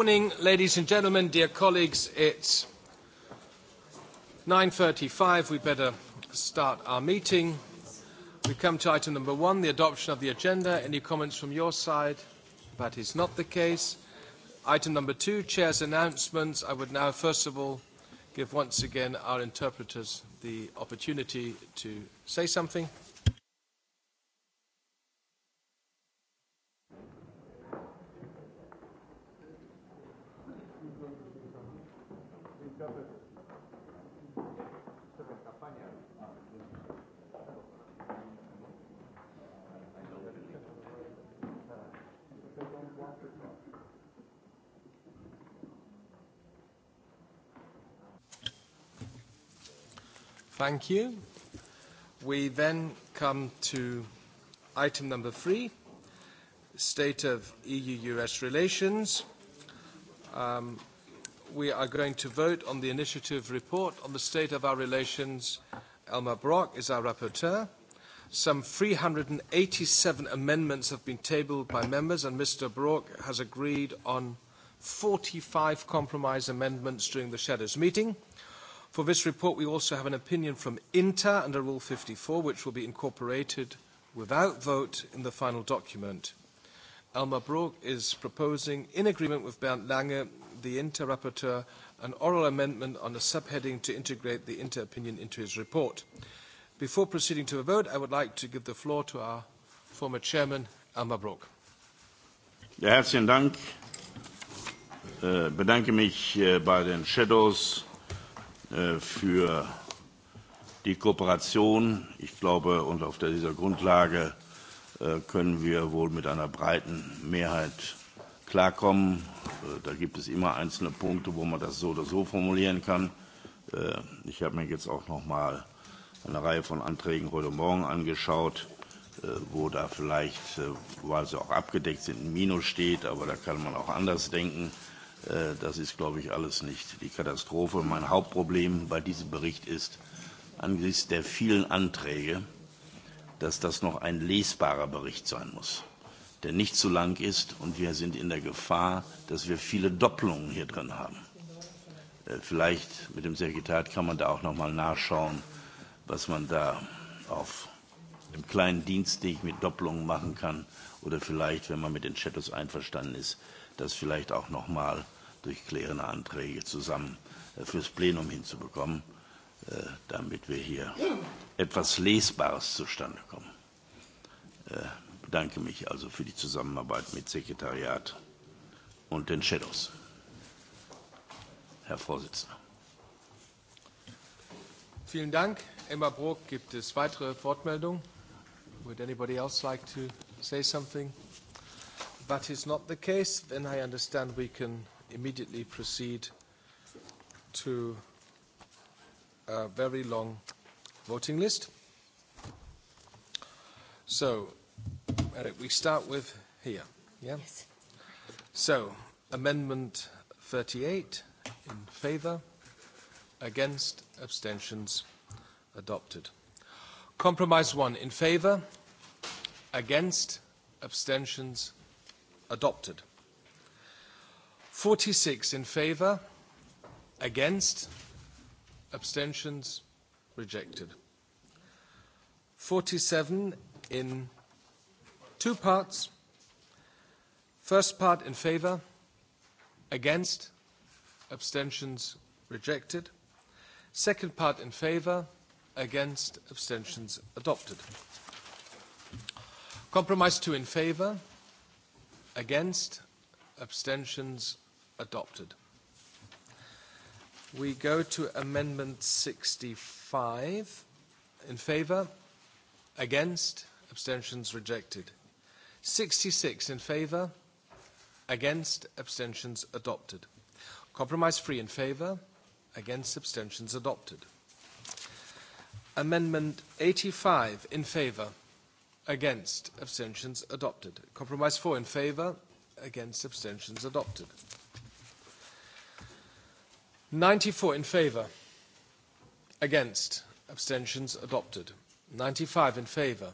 morning, ladies and gentlemen, dear colleagues. It's 9:35. We better start our meeting. We come to item number one, the adoption of the agenda. Any comments from your side? That is not the case. Item number two, chair's announcements. I would now, first of all, give once again our interpreters the opportunity to say something. Thank you. We then come to item number three, state of EU-US relations. Um, we are going to vote on the initiative report on the state of our relations. Elmar Brok is our rapporteur. Some 387 amendments have been tabled by members, and Mr. Brok has agreed on 45 compromise amendments during the shadows meeting. For this report, we also have an opinion from INTA under Rule 54, which will be incorporated without vote in the final document. Elmar Brok is proposing, in agreement with Bernd Lange, the INTA rapporteur, an oral amendment on a subheading to integrate the INTA opinion into his report. Before proceeding to a vote, I would like to give the floor to our former chairman, Elmar Brok. Ja, herzlichen Dank. Äh, bedanke mich äh, bei den Shadows Äh, für die Kooperation. Ich glaube, und auf dieser Grundlage äh, können wir wohl mit einer breiten Mehrheit klarkommen. Äh, da gibt es immer einzelne Punkte, wo man das so oder so formulieren kann. Ich habe mir jetzt auch noch mal eine Reihe von Anträgen heute Morgen angeschaut, wo da vielleicht, weil sie auch abgedeckt sind, ein Minus steht, aber da kann man auch anders denken. Äh, das ist, glaube ich, alles nicht die Katastrophe. Mein Hauptproblem bei diesem Bericht ist, angesichts der vielen Anträge, dass das noch ein lesbarer Bericht sein muss, der nicht zu lang ist und wir sind in der Gefahr, dass wir viele Doppelungen hier drin haben. Äh, vielleicht mit dem Sekretariat kann man da auch noch mal nachschauen, was man da auf einem kleinen Dienst, den ich mit Doppelungen machen kann, oder vielleicht, wenn man mit den Shadows einverstanden ist, das vielleicht auch noch mal durch klärende Anträge zusammen äh, fürs Plenum hinzubekommen, äh, damit wir hier etwas Lesbares zustande kommen. Ich äh, bedanke mich also für die Zusammenarbeit mit Sekretariat und den Shadows. Herr Vorsitzender. Vielen Dank. Emma Brok, gibt es weitere Wortmeldungen? Would anybody else like to say something? that is not the case, then I understand we can immediately proceed to a very long voting list. So, Eric, we start with here, yeah? Yes. So, Amendment 38 in favour, against, abstentions, adopted. Compromise 1 in favour, against, abstentions, adopted adopted. 46 in favour, against, abstentions, rejected. 47 in two parts. First part in favour, against, abstentions, rejected. Second part in favour, against, abstentions, adopted. Compromise two in favour. Against? Abstentions? Adopted. We go to Amendment 65. In favour? Against? Abstentions? Rejected. 66 in favour? Against? Abstentions? Adopted. Compromise free. in favour? Against? Abstentions? Adopted. Amendment 85 in favour? Against. Abstentions adopted. Compromise four in favor. Against. Abstentions adopted. 94 in favor. Against. Abstentions adopted. 95 in favor.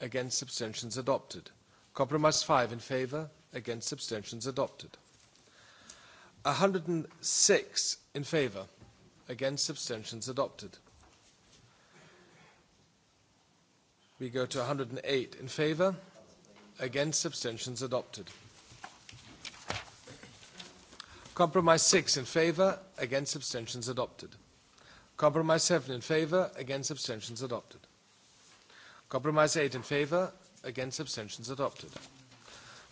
Against. Abstentions adopted. Compromise five in favor. Against. Abstentions adopted. 106 in favor. Against. Abstentions adopted. We go to 108 in favor, against abstentions adopted. Compromise 6 in favor, against abstentions adopted. Compromise 7 in favor, against abstentions adopted. Compromise 8 in favor, against abstentions adopted.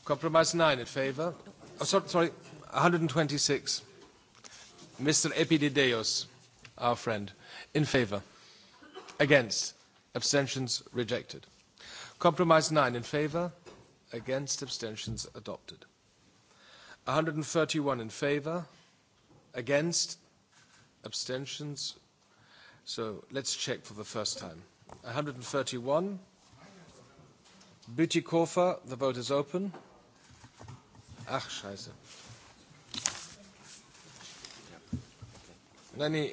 Compromise 9 in favor. Oh, sorry, sorry, 126. Mr. Epidideos, our friend, in favor. Against. Abstentions rejected. Compromise 9 in favour. Against abstentions adopted. 131 in favour. Against abstentions. So let's check for the first time. 131. Bütikofer, the vote is open. Ach, scheiße. Nein, nee,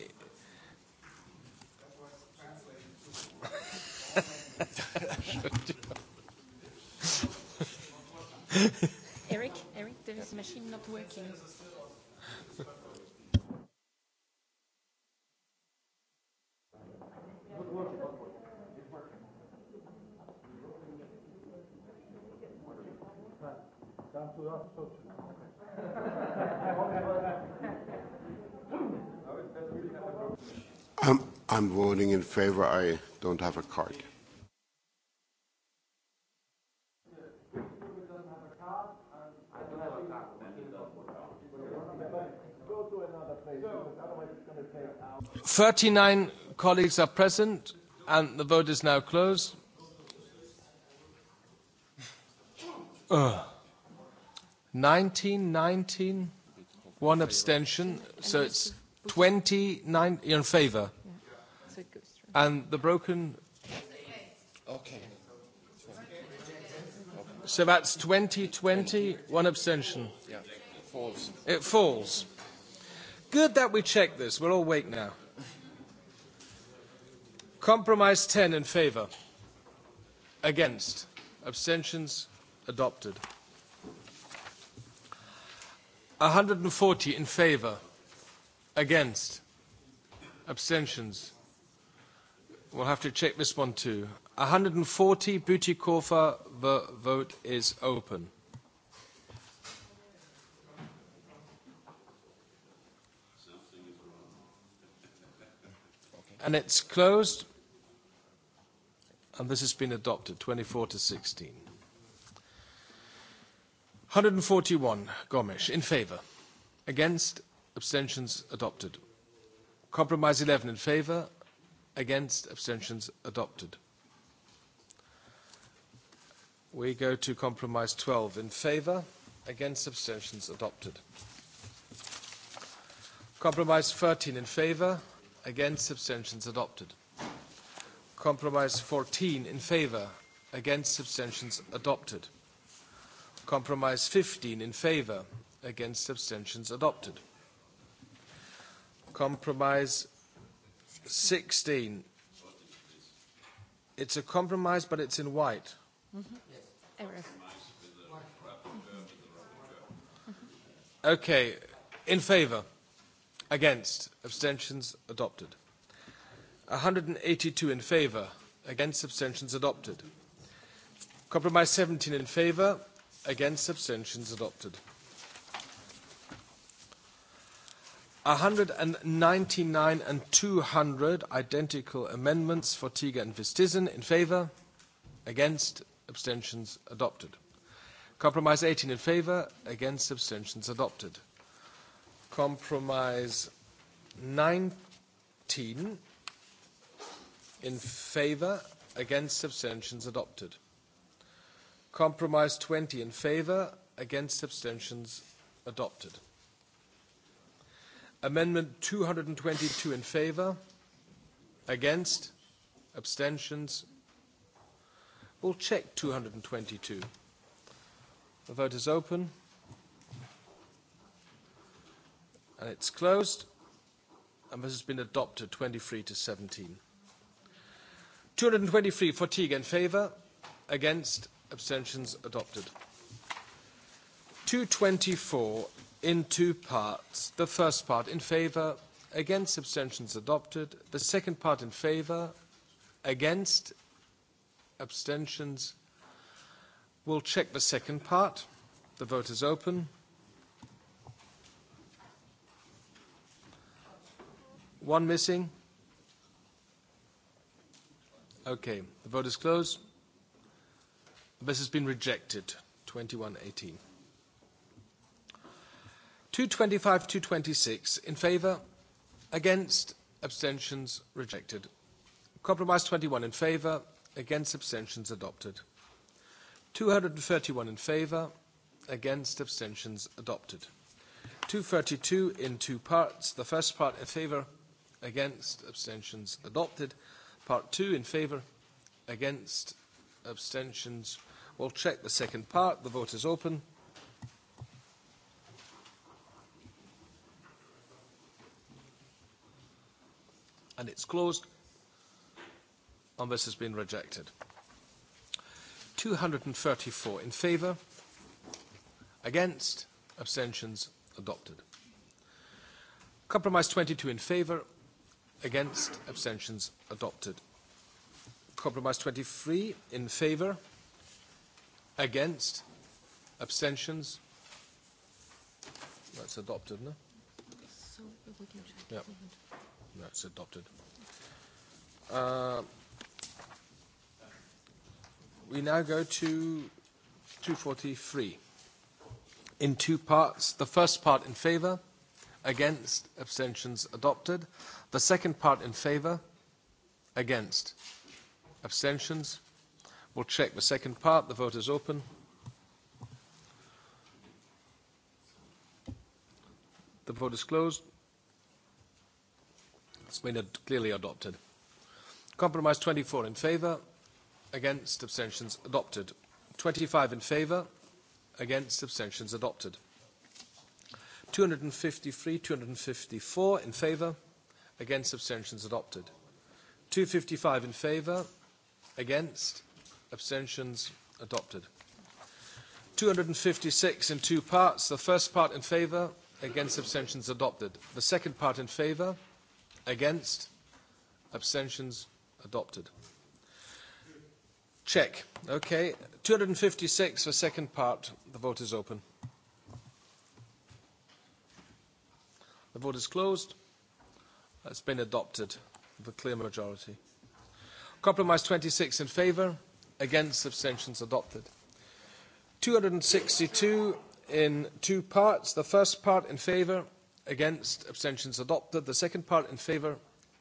Eric, Eric, there is machine not working. I'm, I'm voting in favor. I don't have a card. 39 colleagues are present, and the vote is now closed. Uh, 19, 19, one abstention, so it's 29 in favor. And the broken... Okay. So that's 20, 20, one abstention. Yeah, falls. It falls. Good that we checked this. We're all awake now. Compromise 10 in favour. Against. Abstentions adopted. 140 in favour. Against. Abstentions. We'll have to check this one too. 140 Butikofa, the vote is open. and it's closed and this has been adopted, 24 to 16. 141, Gomes, in favor Against, abstentions adopted. Compromise 11 in favor against, abstentions adopted. We go to compromise 12 in favor against, abstentions adopted. Compromise 13 in favor against, abstentions adopted. Compromise 14 in favour, against abstentions adopted. Compromise 15 in favour, against abstentions adopted. Compromise 16. It's a compromise, but it's in white. Mm-hmm. Yes. Okay. In favour? Against? Abstentions? Adopted. 182 in favour, against abstentions adopted. Compromise 17 in favour, against abstentions adopted. 199 and 200 identical amendments for Tiga and Vistizen in favour, against abstentions adopted. Compromise 18 in favour, against abstentions adopted. Compromise 19 In favour, against abstentions adopted. Compromise 20 in favour, against abstentions adopted. Amendment 222 in favour, against, abstentions. We'll check 222. The vote is open. And it's closed. And this has been adopted 23 to 17. 223 for Teague in favour, against, abstentions adopted. 224 in two parts. The first part in favour, against, abstentions adopted. The second part in favour, against, abstentions. We'll check the second part. The vote is open. One missing. Okay, the vote is closed. This has been rejected, 2118. 225, 226 in favor, against, abstentions rejected. Compromise 21 in favor, against, abstentions adopted. 231 in favor, against, abstentions adopted. 232 in two parts. The first part in favor, against, abstentions adopted. Part two in favour, against, abstentions. We'll check the second part. The vote is open. And it's closed. And this has been rejected. 234 in favour, against, abstentions adopted. Compromise 22 in favour, Against? Abstentions adopted. Compromise 23 in favour? Against? Abstentions? That's adopted, no? So we can check. Yeah. That's adopted. Uh, we now go to 243. In two parts. The first part in favour? Against. Abstentions adopted. The second part in favour. Against. Abstentions. We'll check the second part. The vote is open. The vote is closed. It's been ad clearly adopted. Compromise 24 in favour. Against. Abstentions adopted. 25 in favour. Against. Abstentions adopted. 253, 254 in favor. against abstentions adopted. 255 in favor. against abstentions adopted. 256 in two parts. The first part in favor. against abstentions adopted. The second part in favor. against abstentions adopted. Check. Okay. 256 the second part. The vote is open. vote is closed. It's been adopted with a clear majority. Compromise 26 in favour, against abstentions adopted. 262 in two parts. The first part in favour, against abstentions adopted. The second part in favour,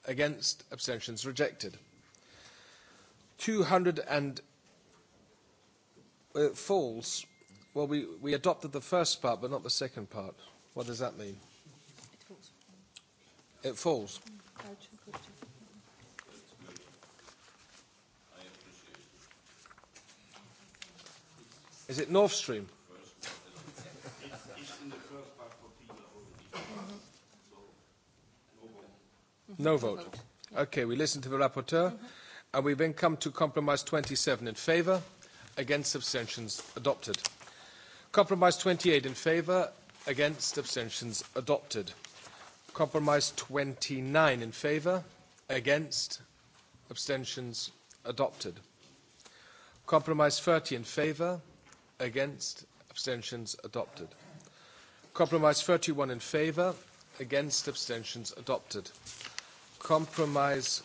against abstentions rejected. 200 and uh, falls. Well, we, we adopted the first part, but not the second part. What does that mean? It falls. Is it North Stream? No, no vote. Okay, we listen to the rapporteur, and we then come to compromise 27 in favour, against abstentions adopted. Compromise 28 in favour, against abstentions adopted. Compromise 29 in favour, against, abstentions adopted. Compromise 30 in favour, against, abstentions adopted. Compromise 31 in favour, against, abstentions adopted. Compromise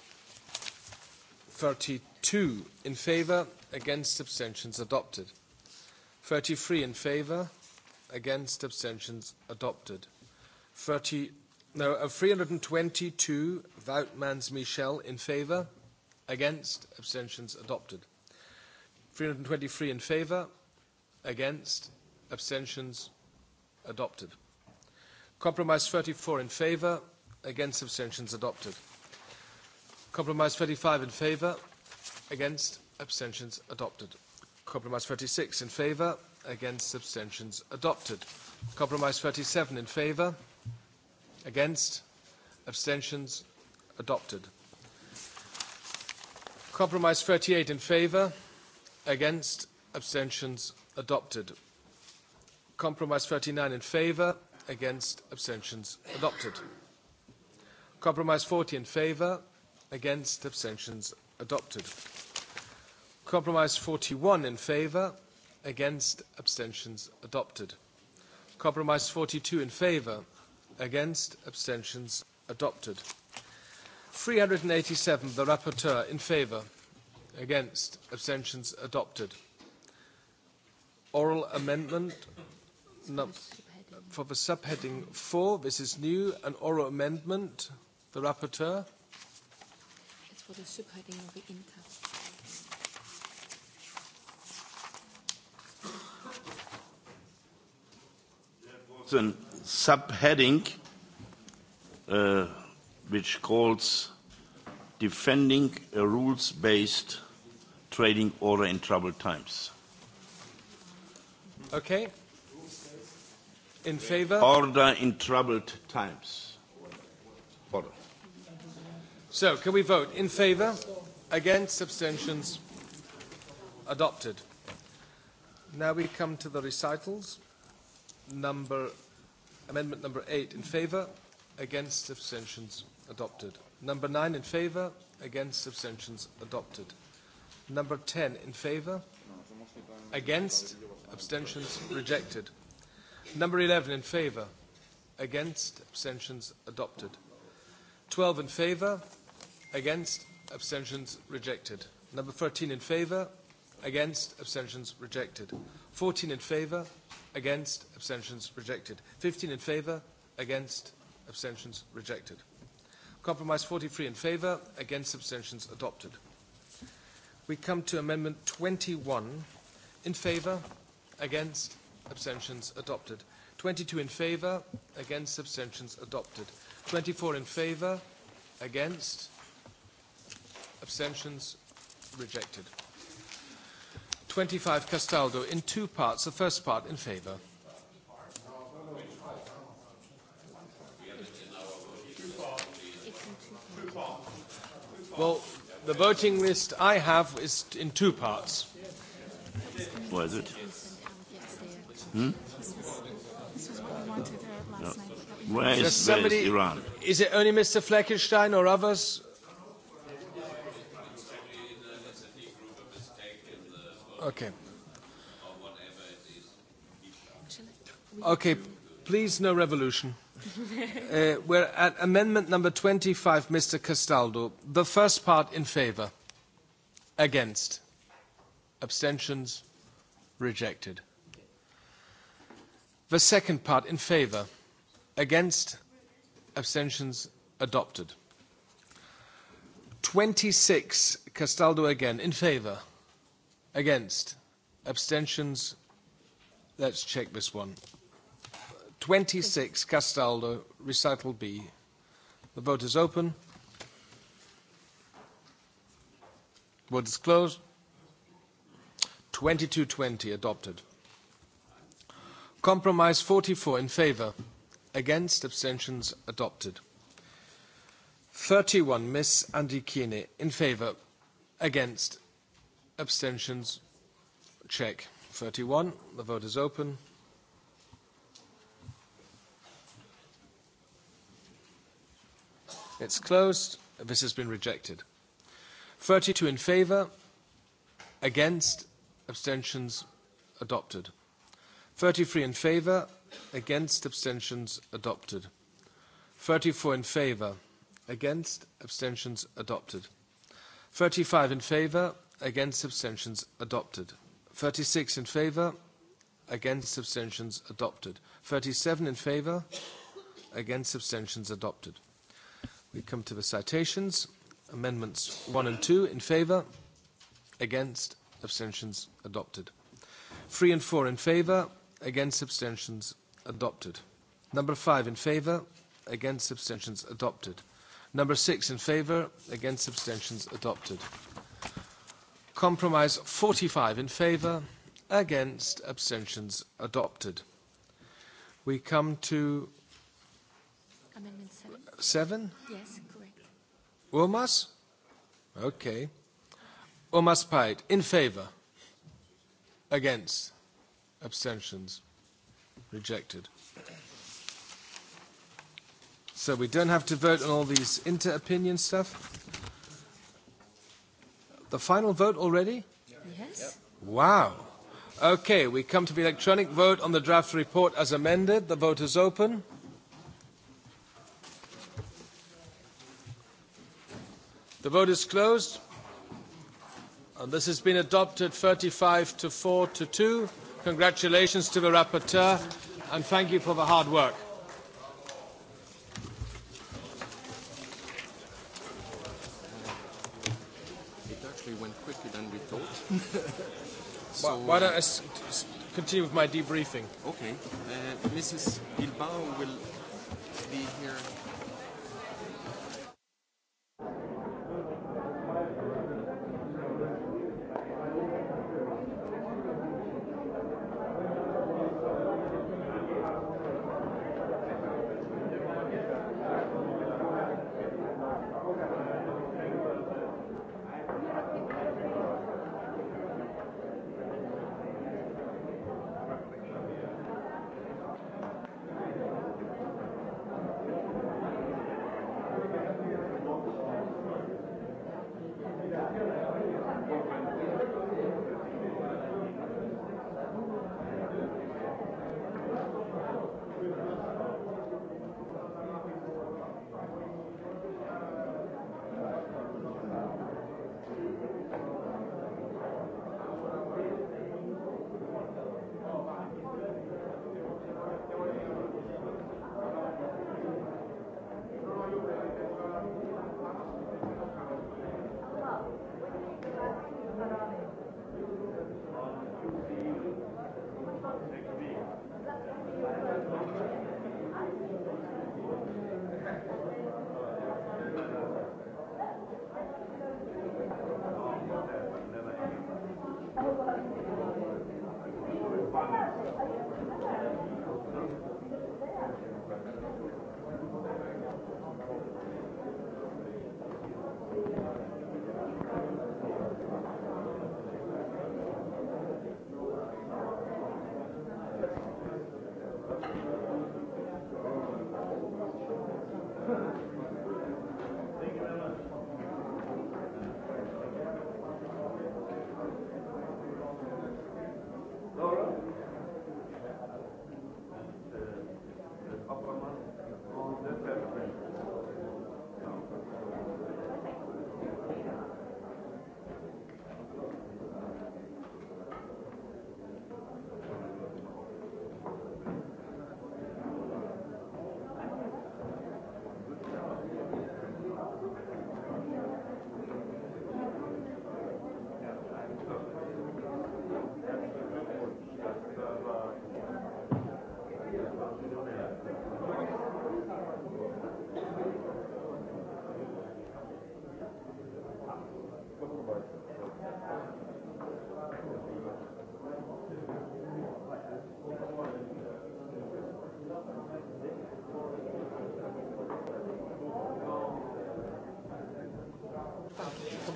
32 in favour, against, abstentions adopted. 33 in favour, against, abstentions adopted. 34 No, of 322, Voutmans Michel in favour. Against. Abstentions adopted. 323 in favour. Against. Abstentions adopted. Compromise 34 in favour. Against. Abstentions adopted. Compromise 35 in favour. Against. Abstentions adopted. Compromise 36 in favour. Against. Abstentions adopted. Compromise 37 in favour. Against? Abstentions? Adopted. Compromise 38 in favor Against? Abstentions? Adopted. Compromise 39 in favor Against? Abstentions? Adopted. Compromise 40 in favor Against? Abstentions? Adopted. Compromise 41 in favor Against? Abstentions? Adopted. Compromise 42 in favor Against? Abstentions? Adopted. 387, the rapporteur, in favour. Against? Abstentions? Adopted. Oral amendment no, for the subheading 4. This is new. An oral amendment. The rapporteur? It's for the subheading of the inter. Johnson subheading uh, which calls defending a rules-based trading order in troubled times. Okay. In favor? Order in troubled times. Order. So, can we vote in favor, against, abstentions? Adopted. Now we come to the recitals. Number Amendment number eight in favour, against abstentions adopted. Number nine in favour, against abstentions adopted. Number 10 in favour, against abstentions rejected. Number 11 in favour, against abstentions adopted. 12 in favour, against abstentions rejected. Number 13 in favour, Against, abstentions rejected. 14 in favor against, abstentions rejected. 15 in favor against, abstentions rejected. Compromise 43 in favor against, abstentions adopted. We come to Amendment 21 in favor against, abstentions adopted. 22 in favor against, abstentions adopted. 24 in favor against, abstentions rejected. 25 Castaldo in two parts. The first part in favor. Well, the voting list I have is in two parts. What is it? Hmm? No. Where is, where is Iran? Is it only Mr. Fleckenstein or others Okay. Okay, please no revolution. Uh, we're at amendment number 25, Mr. Castaldo. The first part in favour. Against. Abstentions. Rejected. The second part in favour. Against. Abstentions. Adopted. 26, Castaldo again. In favour. Against? Abstentions? Let's check this one. 26 Castaldo, recital B. The vote is open. Vote is closed. 2220 adopted. Compromise 44 in favour. Against abstentions adopted. 31 Miss Andikini, in favour. Against Abstentions? Check. 31. The vote is open. It's closed. This has been rejected. 32 in favor, against, abstentions adopted. 33 in favor, against, abstentions adopted. 34 in favor, against, abstentions adopted. 35 in favor, Against abstentions adopted. 36 in favor Against abstentions adopted. 37 in favor Against abstentions adopted. We come to the citations. Amendments 1 and 2 in favor Against abstentions adopted. 3 and 4 in favor Against abstentions adopted. Number 5 in favor Against abstentions adopted. Number 6 in favor Against abstentions adopted. Compromise 45 in favor, against, abstentions adopted. We come to Amendment 7. seven? Yes, correct. Omas? Okay. Omas Pait, in favor, against, abstentions rejected. So we don't have to vote on all these inter-opinion stuff. The final vote already? Yes. Wow. Okay, we come to the electronic vote on the draft report as amended. The vote is open. The vote is closed. And this has been adopted 35 to 4 to 2. Congratulations to the rapporteur and thank you for the hard work. actually went quicker than we thought. so, why, why don't I s- s- continue with my debriefing? Okay. Uh, Mrs. Bilbao will be here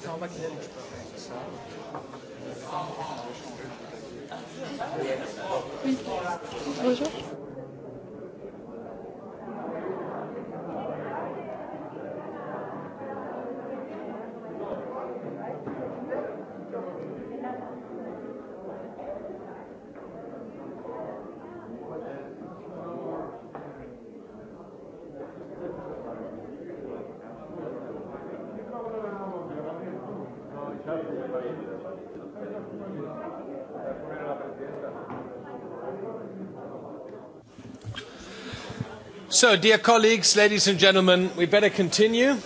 c'est en Bonjour. So, dear colleagues, ladies and gentlemen, we better continue.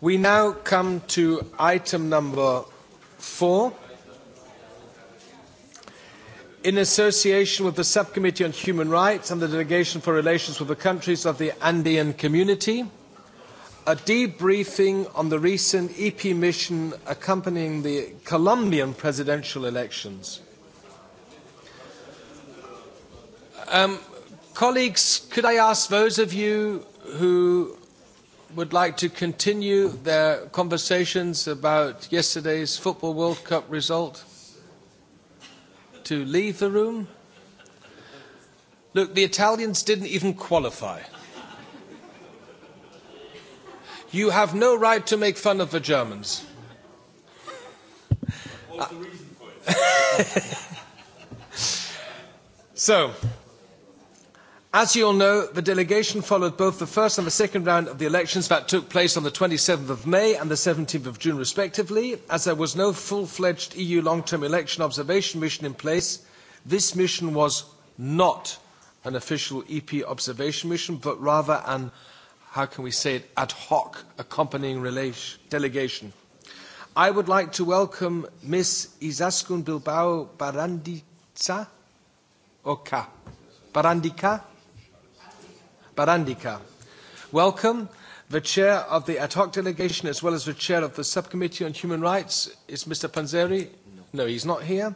We now come to item number four. In association with the Subcommittee on Human Rights and the Delegation for Relations with the Countries of the Andean Community, a debriefing on the recent EP mission accompanying the Colombian presidential elections. Um, colleagues, could I ask those of you who would like to continue their conversations about yesterday's Football World Cup result to leave the room? Look, the Italians didn't even qualify. You have no right to make fun of the Germans. What the reason for it? so, As you all know, the delegation followed both the first and the second round of the elections that took place on the 27th of May and the 17th of June, respectively. As there was no full-fledged EU long-term election observation mission in place, this mission was not an official EP observation mission, but rather an, how can we say it, ad hoc accompanying delegation. I would like to welcome Ms. Izaskun Bilbao Barandica, Oka, Barandica, Barandika. Welcome. The chair of the ad hoc delegation, as well as the chair of the subcommittee on human rights, is Mr. Panzeri. No, no he's not here.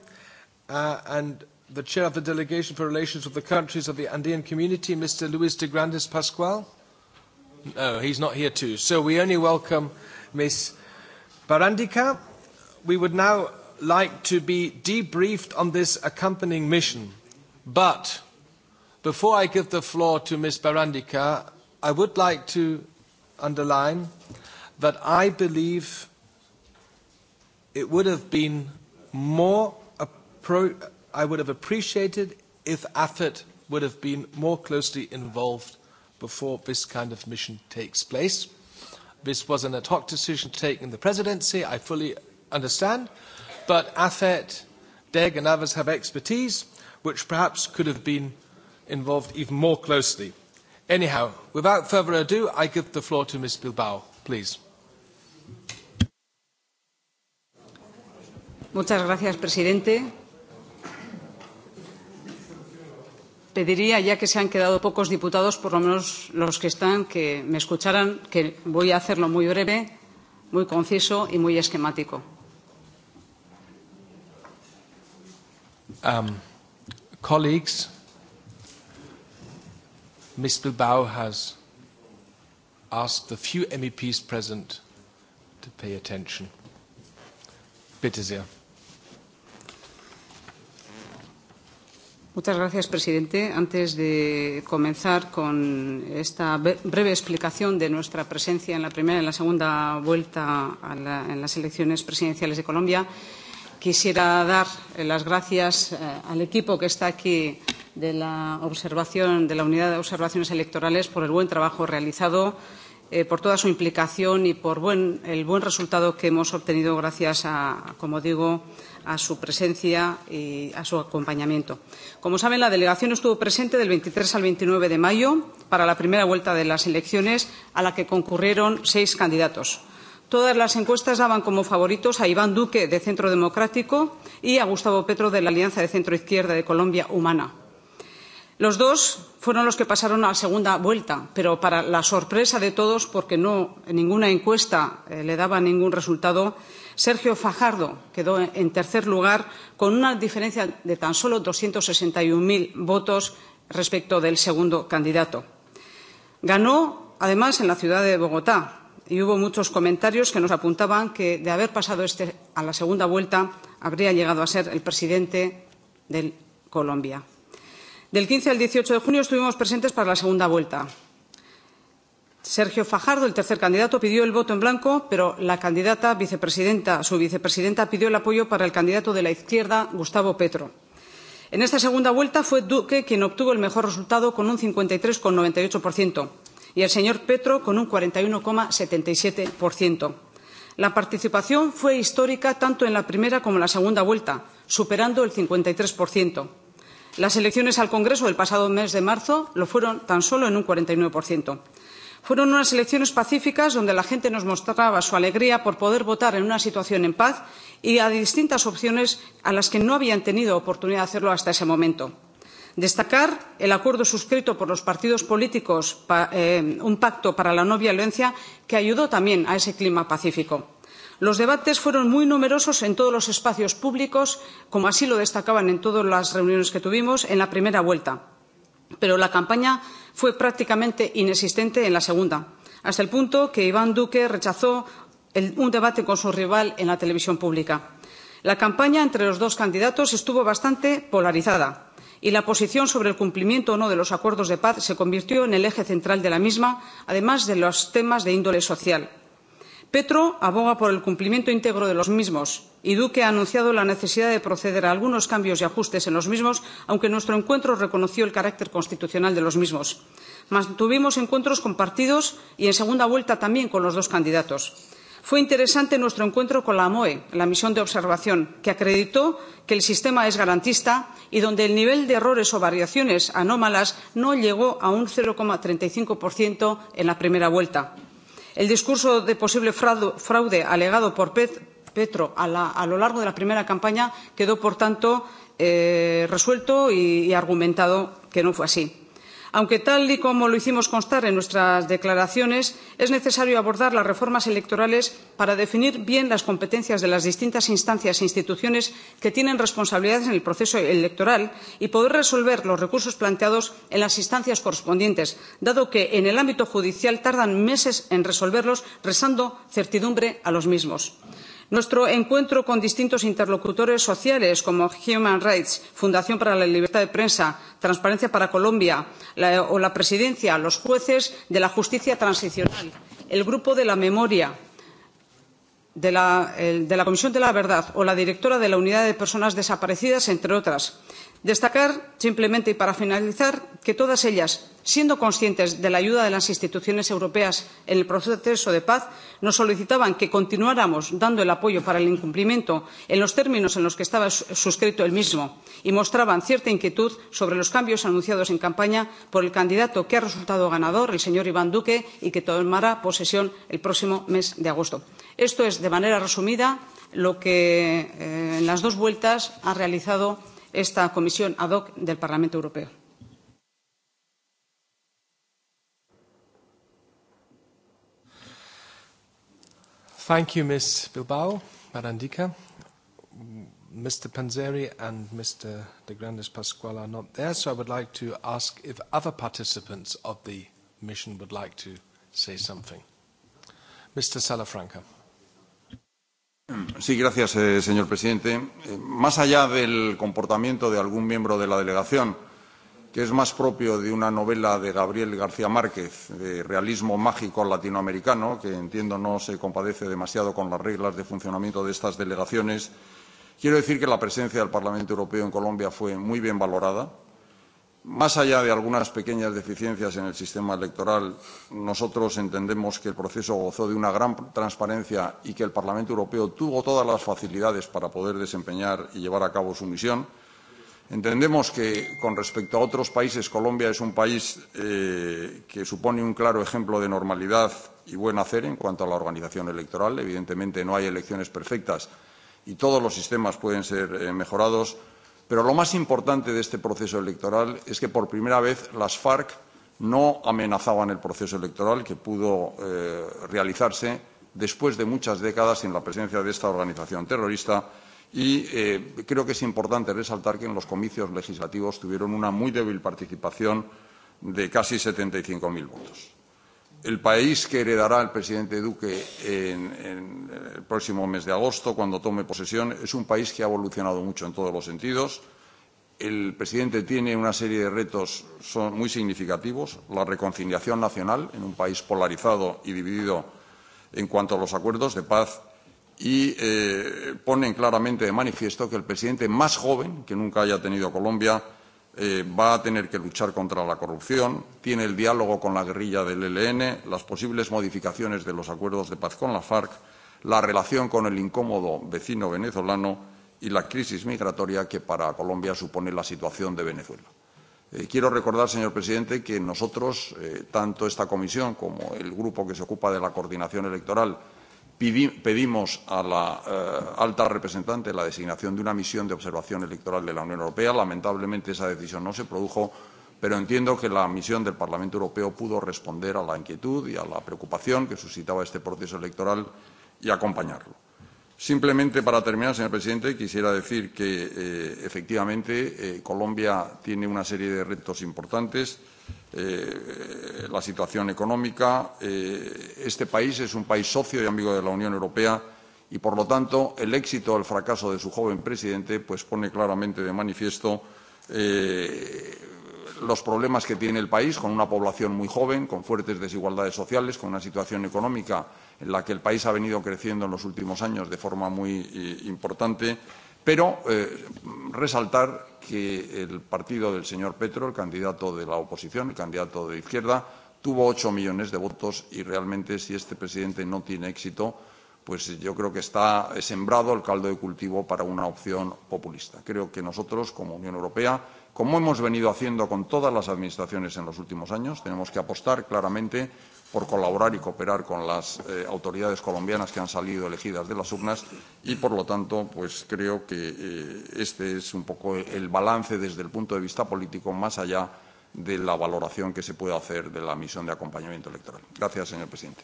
Uh, and the chair of the delegation for relations with the countries of the Andean community, Mr. Luis de Grandes Pascual. No, he's not here too. So we only welcome Ms. Barandika. We would now like to be debriefed on this accompanying mission, but Before I give the floor to Ms. Barandika, I would like to underline that I believe it would have been more I would have appreciated if AFET would have been more closely involved before this kind of mission takes place. This was an ad hoc decision taken in the presidency, I fully understand, but AFET, DEG and others have expertise which perhaps could have been involved even more closely. Anyhow, without further ado, I give the floor to Ms. Bilbao, please. Muchas gracias, presidente. Pediría, ya que se han quedado pocos diputados, por lo menos los que están, que me escucharan, que voy a hacerlo muy breve, muy conciso y muy esquemático. Um, colleagues, Mr. Bilbao has asked the few MEPs present to pay attention. Bitte sehr. Muchas gracias, presidente. Antes de comenzar con esta breve explicación de nuestra presencia en la primera y en la segunda vuelta a la, en las elecciones presidenciales de Colombia, quisiera dar las gracias eh, al equipo que está aquí de la observación de la unidad de observaciones electorales por el buen trabajo realizado eh, por toda su implicación y por buen, el buen resultado que hemos obtenido gracias a, como digo, a su presencia y a su acompañamiento. Como saben, la delegación estuvo presente del 23 al 29 de mayo para la primera vuelta de las elecciones, a la que concurrieron seis candidatos. Todas las encuestas daban como favoritos a Iván Duque, de Centro Democrático, y a Gustavo Petro, de la Alianza de Centro Izquierda de Colombia Humana los dos fueron los que pasaron a segunda vuelta pero para la sorpresa de todos porque no, ninguna encuesta eh, le daba ningún resultado sergio fajardo quedó en tercer lugar con una diferencia de tan solo doscientos sesenta y uno cero votos respecto del segundo candidato. ganó además en la ciudad de bogotá y hubo muchos comentarios que nos apuntaban que de haber pasado este a la segunda vuelta habría llegado a ser el presidente de colombia. Del 15 al 18 de junio estuvimos presentes para la segunda vuelta. Sergio Fajardo, el tercer candidato, pidió el voto en blanco, pero la candidata vicepresidenta, su vicepresidenta, pidió el apoyo para el candidato de la izquierda, Gustavo Petro. En esta segunda vuelta fue Duque quien obtuvo el mejor resultado con un 53,98% y el señor Petro con un 41,77%. La participación fue histórica tanto en la primera como en la segunda vuelta, superando el 53% las elecciones al congreso del pasado mes de marzo lo fueron tan solo en un. cuarenta y nueve fueron unas elecciones pacíficas donde la gente nos mostraba su alegría por poder votar en una situación en paz y a distintas opciones a las que no habían tenido oportunidad de hacerlo hasta ese momento. destacar el acuerdo suscrito por los partidos políticos eh, un pacto para la no violencia que ayudó también a ese clima pacífico los debates fueron muy numerosos en todos los espacios públicos como así lo destacaban en todas las reuniones que tuvimos en la primera vuelta pero la campaña fue prácticamente inexistente en la segunda hasta el punto de que iván duque rechazó el, un debate con su rival en la televisión pública. la campaña entre los dos candidatos estuvo bastante polarizada y la posición sobre el cumplimiento o no de los acuerdos de paz se convirtió en el eje central de la misma además de los temas de índole social petro aboga por el cumplimiento íntegro de los mismos y duque ha anunciado la necesidad de proceder a algunos cambios y ajustes en los mismos aunque nuestro encuentro reconoció el carácter constitucional de los mismos. mantuvimos encuentros compartidos y en segunda vuelta también con los dos candidatos. fue interesante nuestro encuentro con la moe la misión de observación que acreditó que el sistema es garantista y donde el nivel de errores o variaciones anómalas no llegó a un cero treinta y cinco en la primera vuelta el discurso de posible fraude alegado por petro a, lo largo de la primera campaña quedó por tanto eh, resuelto y argumentado que no fue así aunque tal y como lo hicimos constar en nuestras declaraciones es necesario abordar las reformas electorales para definir bien las competencias de las distintas instancias e instituciones que tienen responsabilidades en el proceso electoral y poder resolver los recursos planteados en las instancias correspondientes dado que en el ámbito judicial tardan meses en resolverlos restando certidumbre a los mismos nuestro encuentro con distintos interlocutores sociales como human rights fundación para la libertad de prensa transparencia para colombia o la presidencia los jueces de la justicia transicional el grupo de la memoria de la, de la comisión de la verdad o la directora de la unidad de personas desaparecidas entre otras destacar simplemente y para finalizar que todas ellas siendo conscientes de la ayuda de las instituciones europeas en el proceso de paz nos solicitaban que continuáramos dando el apoyo para el incumplimiento en los términos en los que estaba suscrito el mismo y mostraban cierta inquietud sobre los cambios anunciados en campaña por el candidato que ha resultado ganador el señor iván duque y que tomará posesión el próximo mes de agosto. esto es de manera resumida lo que eh, en las dos vueltas ha realizado esta comisión ad hoc del Parlamento Europeo. Thank you, Ms. Bilbao Barandica. Mr. Panzeri and Mr. De Grandes Pasquale are not there, so I would like to ask if other participants of the mission would like to say something. Mr. Salafranca. Sí, gracias, eh, señor presidente. Eh, más allá del comportamiento de algún miembro de la delegación, que es más propio de una novela de Gabriel García Márquez, de realismo mágico latinoamericano, que entiendo no se compadece demasiado con las reglas de funcionamiento de estas delegaciones, quiero decir que la presencia del Parlamento Europeo en Colombia fue muy bien valorada Más allá de algunas pequeñas deficiencias en el sistema electoral, nosotros entendemos que el proceso gozó de una gran transparencia y que el Parlamento Europeo tuvo todas las facilidades para poder desempeñar y llevar a cabo su misión. Entendemos que, con respecto a otros países, Colombia es un país eh, que supone un claro ejemplo de normalidad y buen hacer en cuanto a la organización electoral. Evidentemente, no hay elecciones perfectas y todos los sistemas pueden ser eh, mejorados Pero lo más importante de este proceso electoral es que por primera vez las FARC no amenazaban el proceso electoral que pudo eh, realizarse después de muchas décadas sin la presencia de esta organización terrorista y eh, creo que es importante resaltar que en los comicios legislativos tuvieron una muy débil participación de casi 75.000 votos el país que heredará el presidente Duque en, en el próximo mes de agosto, cuando tome posesión, es un país que ha evolucionado mucho en todos los sentidos. El presidente tiene una serie de retos son muy significativos. La reconciliación nacional en un país polarizado y dividido en cuanto a los acuerdos de paz y eh, ponen claramente de manifiesto que el presidente más joven que nunca haya tenido Colombia eh, va a tener que luchar contra la corrupción, tiene el diálogo con la guerrilla del ELN, las posibles modificaciones de los acuerdos de paz con la FARC, la relación con el incómodo vecino venezolano y la crisis migratoria que para Colombia supone la situación de Venezuela. Eh, quiero recordar, señor presidente, que nosotros, eh, tanto esta comisión como el grupo que se ocupa de la coordinación electoral Pedimos a la eh, alta representante la designación de una misión de observación electoral de la Unión Europea. Lamentablemente esa decisión no se produjo, pero entiendo que la misión del Parlamento Europeo pudo responder a la inquietud y a la preocupación que suscitaba este proceso electoral y acompañarlo. Simplemente para terminar, señor presidente, quisiera decir que eh, efectivamente eh, Colombia tiene una serie de retos importantes eh, la situación económica. Eh, este país es un país socio y amigo de la Unión Europea y, por lo tanto, el éxito o el fracaso de su joven presidente pues, pone claramente de manifiesto eh, los problemas que tiene el país, con una población muy joven, con fuertes desigualdades sociales, con una situación económica en la que el país ha venido creciendo en los últimos años de forma muy eh, importante Pero eh, resaltar que el partido del señor Petro, el candidato de la oposición, el candidato de izquierda, tuvo ocho millones de votos y realmente si este presidente no tiene éxito, pues yo creo que está sembrado el caldo de cultivo para una opción populista. Creo que nosotros, como Unión Europea, como hemos venido haciendo con todas las administraciones en los últimos años, tenemos que apostar claramente por colaborar y cooperar con las eh, autoridades colombianas que han salido elegidas de las urnas y, por lo tanto, pues creo que eh, este es un poco el balance desde el punto de vista político, más allá de la valoración que se puede hacer de la misión de acompañamiento electoral. Gracias, señor presidente.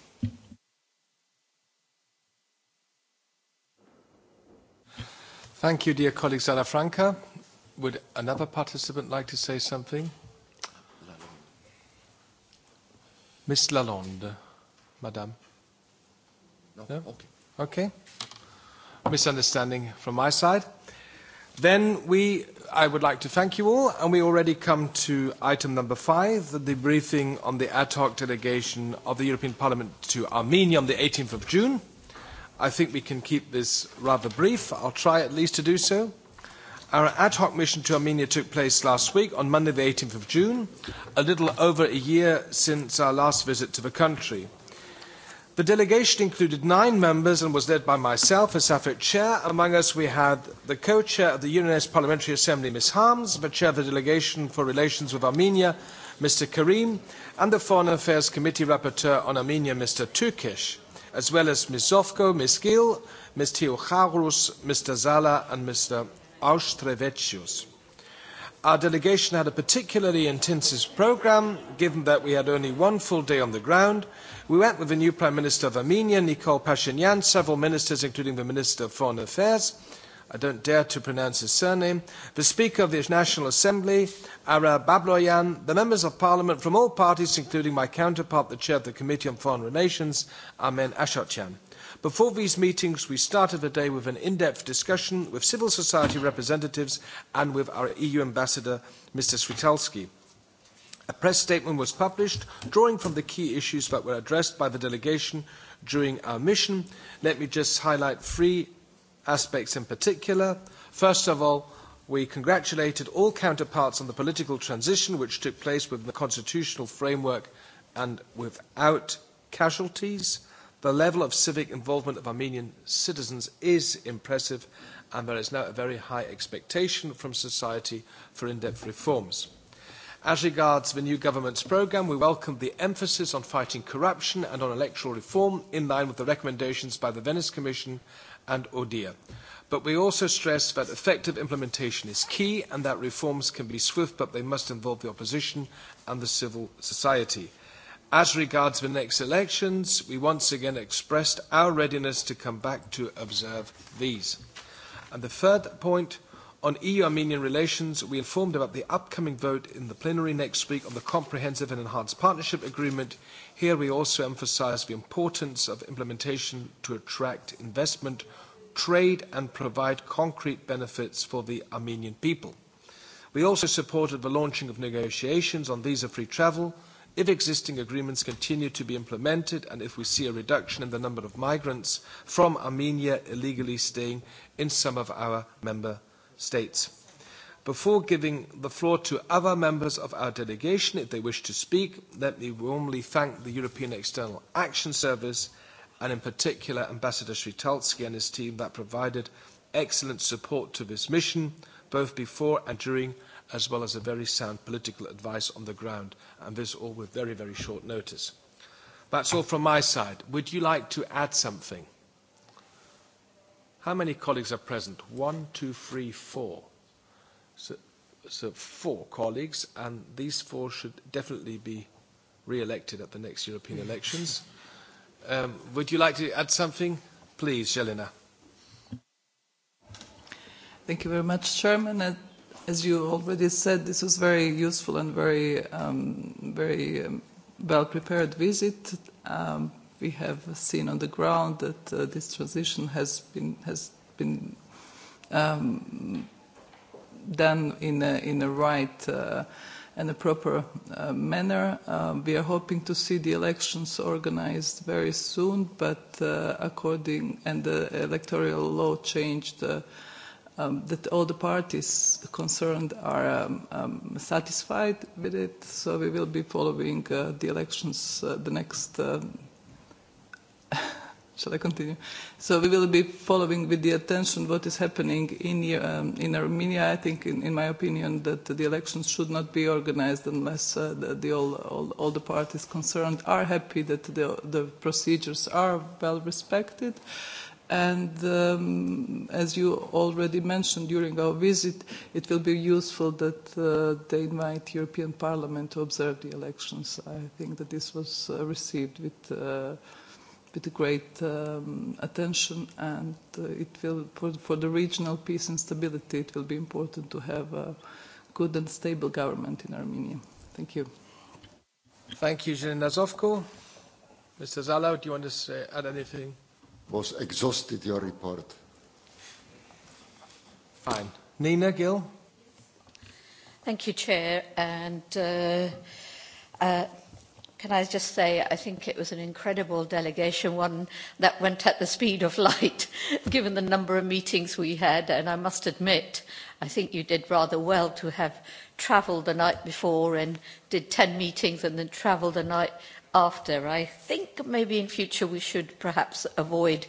Thank you, dear colleague Zalafranca. Would another participant like to say something? Miss Lalonde, Madame. No? yeah? Okay. Okay. Misunderstanding from my side. Then we, I would like to thank you all, and we already come to item number five, the debriefing on the ad hoc delegation of the European Parliament to Armenia on the 18th of June. I think we can keep this rather brief. I'll try at least to do so. Our ad hoc mission to Armenia took place last week on Monday the 18th of June, a little over a year since our last visit to the country. The delegation included nine members and was led by myself as AFET chair. Among us we had the co-chair of the UNS Parliamentary Assembly, Ms Harms, the chair of the delegation for relations with Armenia, Mr Karim, and the Foreign Affairs Committee Rapporteur on Armenia, Mr Tukish, as well as Ms Zovko, Ms Gill, Ms Theocharous, Mr Zala and Mr Austrevecius. Our delegation had a particularly intensive program, given that we had only one full day on the ground. We went with the new Prime Minister of Armenia, Nikol Pashinyan, several ministers, including the Minister of Foreign Affairs, I don't dare to pronounce his surname, the Speaker of the National Assembly, Ara Babloyan, the members of Parliament from all parties, including my counterpart, the Chair of the Committee on Foreign Relations, Amen Ashotyan. Before these meetings, we started the day with an in-depth discussion with civil society representatives and with our EU ambassador, Mr. Svitelski. A press statement was published, drawing from the key issues that were addressed by the delegation during our mission. Let me just highlight three aspects in particular. First of all, we congratulated all counterparts on the political transition which took place within the constitutional framework and without casualties. The level of civic involvement of Armenian citizens is impressive, and there is now a very high expectation from society for in-depth reforms. As regards the new government's programme, we welcome the emphasis on fighting corruption and on electoral reform in line with the recommendations by the Venice Commission and ODIHR. But we also stress that effective implementation is key and that reforms can be swift, but they must involve the opposition and the civil society. As regards the next elections, we once again expressed our readiness to come back to observe these. And the third point, on EU-Armenian relations, we informed about the upcoming vote in the plenary next week on the Comprehensive and Enhanced Partnership Agreement. Here we also emphasised the importance of implementation to attract investment, trade and provide concrete benefits for the Armenian people. We also supported the launching of negotiations on visa-free travel – If existing agreements continue to be implemented and if we see a reduction in the number of migrants from Armenia illegally staying in some of our member states. Before giving the floor to other members of our delegation, if they wish to speak, let me warmly thank the European External Action Service and in particular Ambassador Sritalski and his team that provided excellent support to this mission both before and during as well as a very sound political advice on the ground, and this all with very, very short notice. That's all from my side. Would you like to add something? How many colleagues are present? One, two, three, four. So, so four colleagues, and these four should definitely be re-elected at the next European elections. Um, would you like to add something? Please, Jelena. Thank you very much, Chairman. And uh, as you already said, this was very useful and very, um, very um, well prepared visit. Um, we have seen on the ground that uh, this transition has been has been um, done in a, in a right uh, and a proper uh, manner. Um, we are hoping to see the elections organized very soon, but uh, according and the electoral law changed. Uh, um, that all the parties concerned are um, um, satisfied with it. So we will be following uh, the elections uh, the next. Uh, shall I continue? So we will be following with the attention what is happening in um, in Armenia. I think, in, in my opinion, that the elections should not be organized unless uh, the, the all, all all the parties concerned are happy that the the procedures are well respected. Uh, And um, as you already mentioned during our visit, it will be useful that uh, they invite European Parliament to observe the elections. I think that this was uh, received with, uh, with great um, attention, and uh, it will, for, for the regional peace and stability, it will be important to have a good and stable government in Armenia. Thank you. Thank you, Zhilin Nazovko. Mr. Zalov, do you want to say, add anything? was exhausted your report. Fine. Nina Gill. Thank you, Chair. And uh, uh, can I just say, I think it was an incredible delegation, one that went at the speed of light, given the number of meetings we had. And I must admit, I think you did rather well to have travelled the night before and did 10 meetings and then travelled the night after. I think maybe in future we should perhaps avoid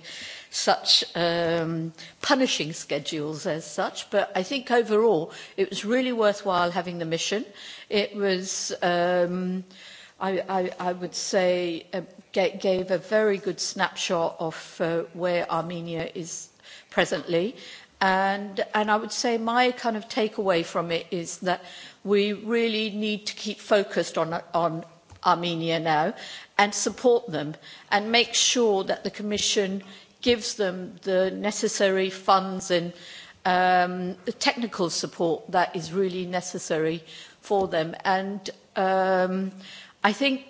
such um, punishing schedules as such, but I think overall it was really worthwhile having the mission. It was, um, I, I, I would say, uh, gave a very good snapshot of uh, where Armenia is presently. And, and I would say my kind of takeaway from it is that we really need to keep focused on, on Armenia now and support them and make sure that the Commission gives them the necessary funds and um, the technical support that is really necessary for them. And um, I think,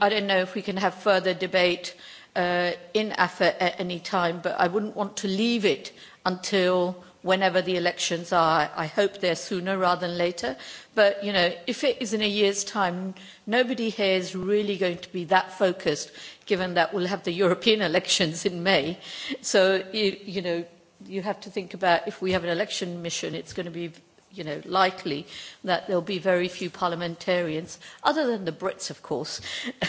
I don't know if we can have further debate uh, in AFA at any time, but I wouldn't want to leave it until whenever the elections are. I hope they're sooner rather than later. But, you know, if it is in a year's time, nobody here is really going to be that focused, given that we'll have the European elections in May. So, you, you know, you have to think about if we have an election mission, it's going to be you know, likely that there'll be very few parliamentarians, other than the Brits, of course,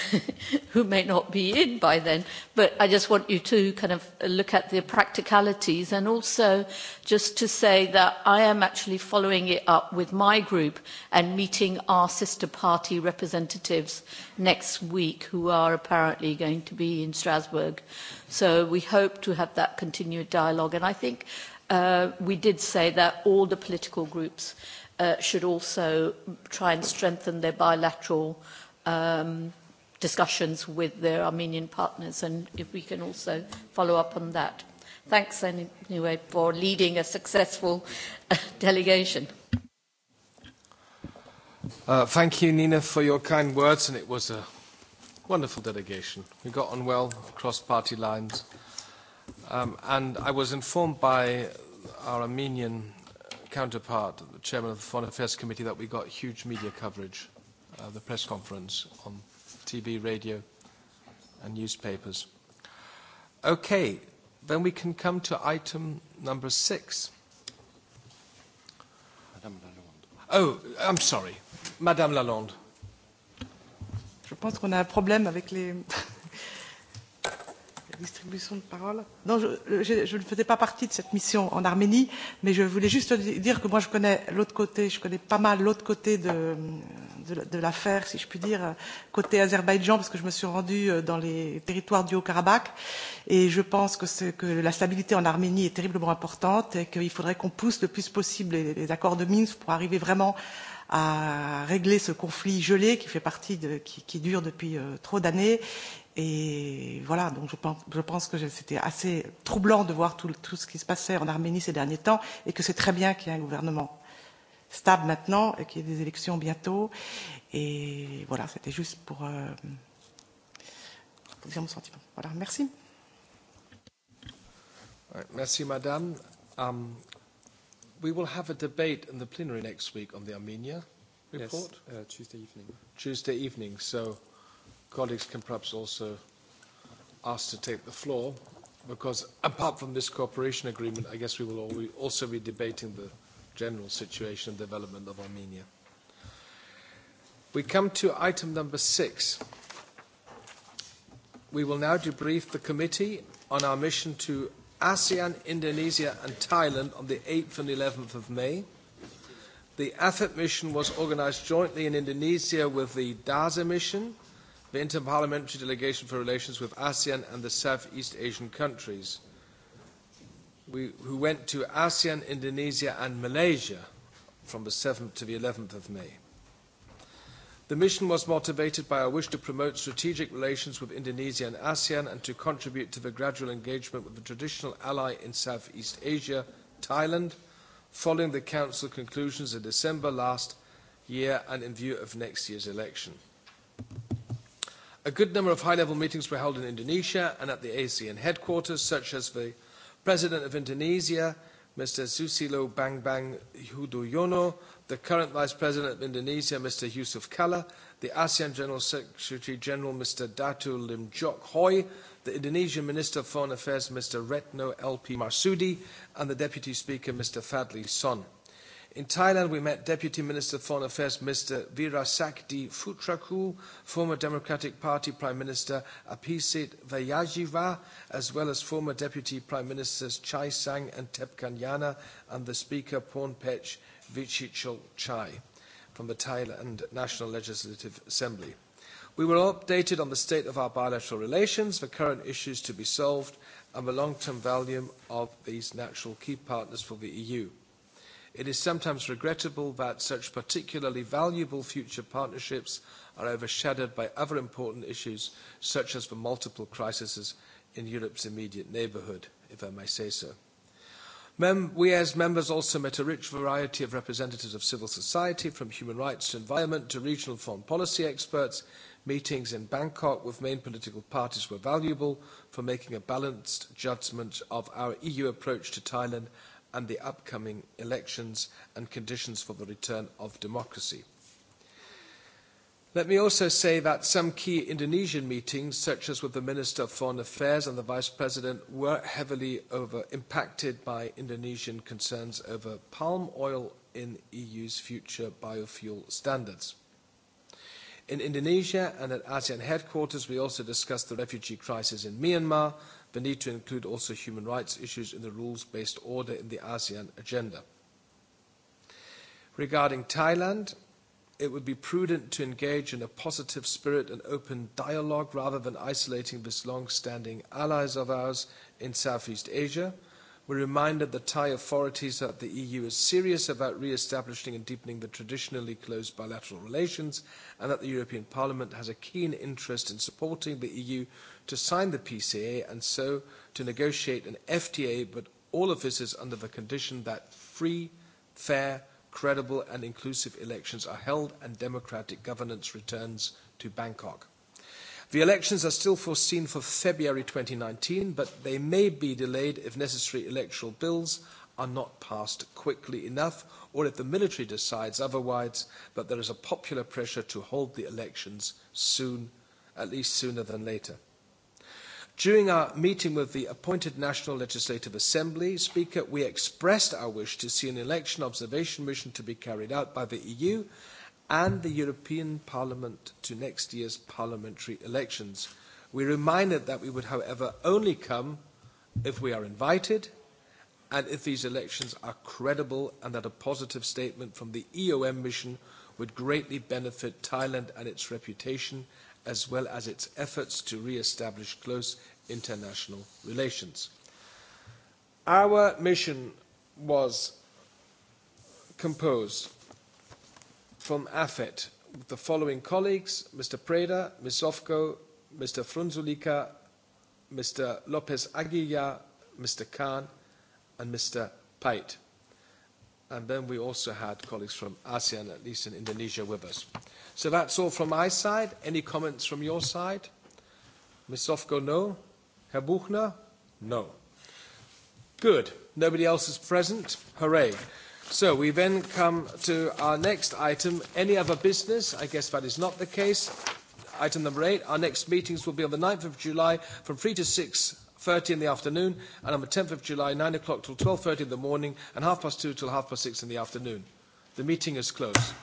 who may not be in by then. But I just want you to kind of look at the practicalities and also just to say that I am actually following it up with my group and meeting our sister party representatives next week who are apparently going to be in Strasbourg. So we hope to have that continued dialogue. And I think uh, we did say that all the political groups uh, should also try and strengthen their bilateral um, discussions with their Armenian partners, and if we can also follow up on that. Thanks anyway for leading a successful uh, delegation. Uh, thank you, Nina, for your kind words, and it was a wonderful delegation. We got on well across party lines. Um, and I was informed by our Armenian counterpart, the chairman of the Foreign Affairs Committee, that we got huge media coverage, uh, the press conference on TV, radio, and newspapers. Okay, then we can come to item number six. Madame Lalonde. Oh, I'm sorry. Madame Lalonde. Je pense qu'on a un problème avec les. distribution de parole. Non, je, ne faisais pas partie de cette mission en Arménie, mais je voulais juste dire que moi je connais l'autre côté, je connais pas mal l'autre côté de, de, de l'affaire, si je puis dire, côté Azerbaïdjan, parce que je me suis rendue euh, dans les territoires du Haut-Karabakh, et je pense que, que la stabilité en Arménie est terriblement importante et qu'il faudrait qu'on pousse le plus possible les, les accords de Minsk pour arriver vraiment à régler ce conflit gelé qui fait partie de, qui, qui dure depuis euh, trop d'années Et voilà, donc je pense, je pense que c'était assez troublant de voir tout, tout ce qui se passait en Arménie ces derniers temps et que c'est très bien qu'il y ait un gouvernement stable maintenant et qu'il y ait des élections bientôt. Et voilà, c'était juste pour, euh, pour dire mon sentiment. Voilà, merci. Merci, Madame. Um, we will have a debate in the plenary next week on the Armenia report. Yes, uh, Tuesday evening. Tuesday evening, so colleagues can perhaps also ask to take the floor, because apart from this cooperation agreement, I guess we will also be debating the general situation and development of Armenia. We come to item number six. We will now debrief the committee on our mission to ASEAN, Indonesia and Thailand on the 8th and 11th of May. The AFET mission was organised jointly in Indonesia with the DASA mission the Interparliamentary Delegation for Relations with ASEAN and the Southeast Asian countries, we, who went to ASEAN, Indonesia and Malaysia from the 7th to the 11th of May. The mission was motivated by our wish to promote strategic relations with Indonesia and ASEAN and to contribute to the gradual engagement with the traditional ally in Southeast Asia, Thailand, following the Council conclusions in December last year and in view of next year's election. A good number of high-level meetings were held in Indonesia and at the ASEAN headquarters, such as the President of Indonesia, Mr. Susilo Bambang Yudhoyono, the current Vice President of Indonesia, Mr. Yusuf Kala, the ASEAN General Secretary General, Mr. Datu Limjok Hoi, the Indonesian Minister of Foreign Affairs, Mr. Retno LP Marsudi, and the Deputy Speaker, Mr. Fadli Son. In Thailand, we met Deputy Minister of Foreign Affairs Mr. Virasakdi Futraku, former Democratic Party Prime Minister Apisit Vayajiva, as well as former Deputy Prime Ministers Chai Sang and Tepkanyana, and the Speaker Pornpech Vichichol Chai from the Thailand National Legislative Assembly. We were updated on the state of our bilateral relations, the current issues to be solved, and the long-term value of these natural key partners for the EU. It is sometimes regrettable that such particularly valuable future partnerships are overshadowed by other important issues, such as the multiple crises in Europe's immediate neighbourhood, if I may say so. Mem we as members also met a rich variety of representatives of civil society, from human rights to environment to regional foreign policy experts. Meetings in Bangkok with main political parties were valuable for making a balanced judgment of our EU approach to Thailand and the upcoming elections and conditions for the return of democracy. Let me also say that some key Indonesian meetings, such as with the Minister of Foreign Affairs and the Vice President, were heavily over impacted by Indonesian concerns over palm oil in EU's future biofuel standards. In Indonesia and at ASEAN headquarters, we also discussed the refugee crisis in Myanmar the need to include also human rights issues in the rules-based order in the ASEAN agenda. Regarding Thailand, it would be prudent to engage in a positive spirit and open dialogue rather than isolating this long-standing allies of ours in Southeast Asia We're reminded that Thai authorities that the EU is serious about re-establishing and deepening the traditionally close bilateral relations and that the European Parliament has a keen interest in supporting the EU to sign the PCA and so to negotiate an FTA, but all of this is under the condition that free, fair, credible and inclusive elections are held and democratic governance returns to Bangkok. The elections are still foreseen for February 2019, but they may be delayed if necessary electoral bills are not passed quickly enough or if the military decides otherwise, but there is a popular pressure to hold the elections soon, at least sooner than later. During our meeting with the appointed National Legislative Assembly Speaker, we expressed our wish to see an election observation mission to be carried out by the EU and the European Parliament to next year's parliamentary elections. We reminded that we would, however, only come if we are invited and if these elections are credible and that a positive statement from the EOM mission would greatly benefit Thailand and its reputation as well as its efforts to re-establish close international relations. Our mission was composed from AFET, the following colleagues, Mr. Preda, Ms. Zofko, Mr. Frunzulica, Mr. Lopez Aguilar, Mr. Khan, and Mr. Pait. And then we also had colleagues from ASEAN, at least in Indonesia, with us. So that's all from my side. Any comments from your side? Ms. Zofko, no. Herr Buchner? No. Good. Nobody else is present? Hooray. So we then come to our next item, any other business? I guess that is not the case. Item number eight, our next meetings will be on the 9th of July from 3 to 6.30 in the afternoon and on the 10th of July, 9 o'clock till 12.30 in the morning and half past 2 till half past 6 in the afternoon. The meeting is closed.